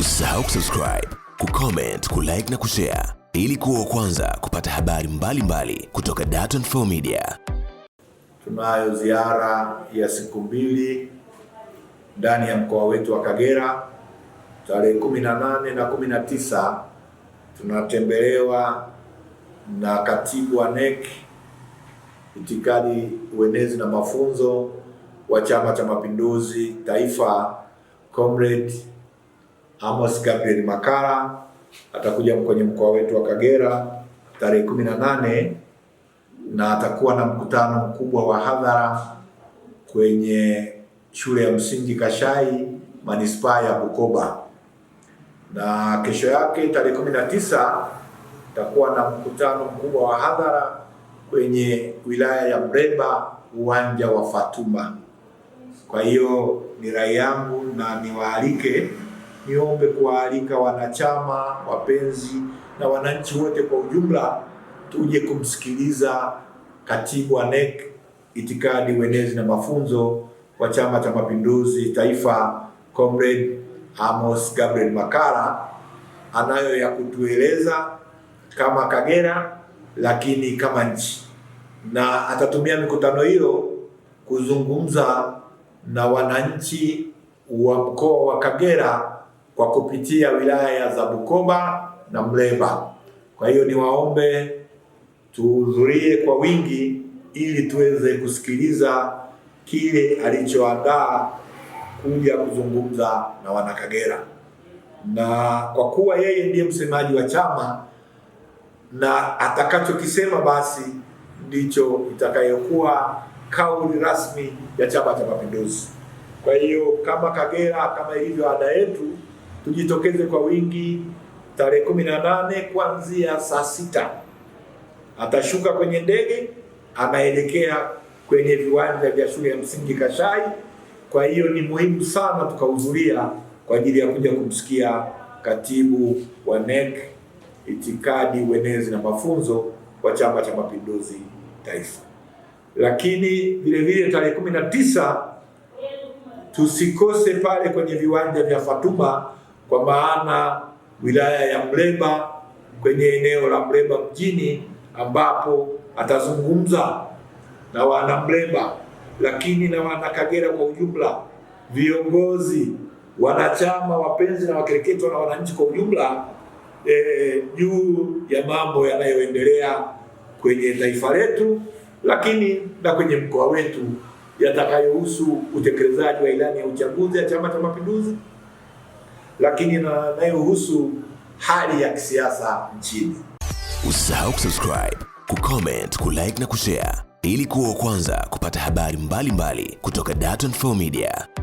Usisahau kusubscribe, kucomment, kulike na kushare ili kuwa kwanza kupata habari mbalimbali mbali kutoka Dar24 Media. Tunayo ziara ya siku mbili ndani ya mkoa wetu wa Kagera. Tarehe 18 na 19 tunatembelewa na katibu wa NEC itikadi, uenezi na mafunzo wa Chama cha Mapinduzi Taifa, Comrade Amos Gabriel Makara atakuja kwenye mkoa wetu wa Kagera tarehe kumi na nane na atakuwa na mkutano mkubwa wa hadhara kwenye shule ya msingi Kashai manispaa ya Bukoba, na kesho yake tarehe kumi na tisa atakuwa na mkutano mkubwa wa hadhara kwenye wilaya ya Breba uwanja wa Fatuma. Kwa hiyo ni rai yangu na niwaalike niombe kuwaalika wanachama, wapenzi na wananchi wote kwa ujumla tuje kumsikiliza katibu wa NEC itikadi, wenezi na mafunzo wa Chama cha Mapinduzi Taifa, Comrade Amos Gabriel Makalla anayo ya kutueleza kama Kagera, lakini kama nchi, na atatumia mikutano hiyo kuzungumza na wananchi wa mkoa wa Kagera kwa kupitia wilaya za Bukoba na Mleba. Kwa hiyo niwaombe tuhudhurie kwa wingi ili tuweze kusikiliza kile alichoandaa kuja kuzungumza na Wanakagera, na kwa kuwa yeye ndiye msemaji wa chama na atakachokisema basi ndicho itakayokuwa kauli rasmi ya Chama cha Mapinduzi. Kwa hiyo kama Kagera, kama ilivyo ada yetu tujitokeze kwa wingi tarehe kumi na nane kuanzia saa sita atashuka kwenye ndege anaelekea kwenye viwanja vya shule ya msingi Kashai. Kwa hiyo ni muhimu sana tukahudhuria kwa ajili ya kuja kumsikia katibu wa NEC itikadi, uenezi na mafunzo wa Chama cha Mapinduzi Taifa. Lakini vilevile tarehe kumi na tisa tusikose pale kwenye viwanja vya Fatuma kwa maana wilaya ya Mleba kwenye eneo la Mleba mjini ambapo atazungumza na wana Mleba lakini na wana Kagera kwa ujumla, viongozi, wanachama, wapenzi na wakereketwa na wananchi kwa ujumla e, juu ya mambo yanayoendelea kwenye taifa letu, lakini na kwenye mkoa wetu yatakayohusu utekelezaji wa ilani ya uchaguzi ya Chama cha Mapinduzi lakini na hali ya kisiasa nchini. Usisahau kusubscribe, kucomment, kulike na kushare ili kuwa wa kwanza kupata habari mbalimbali mbali kutoka Dar24 Media.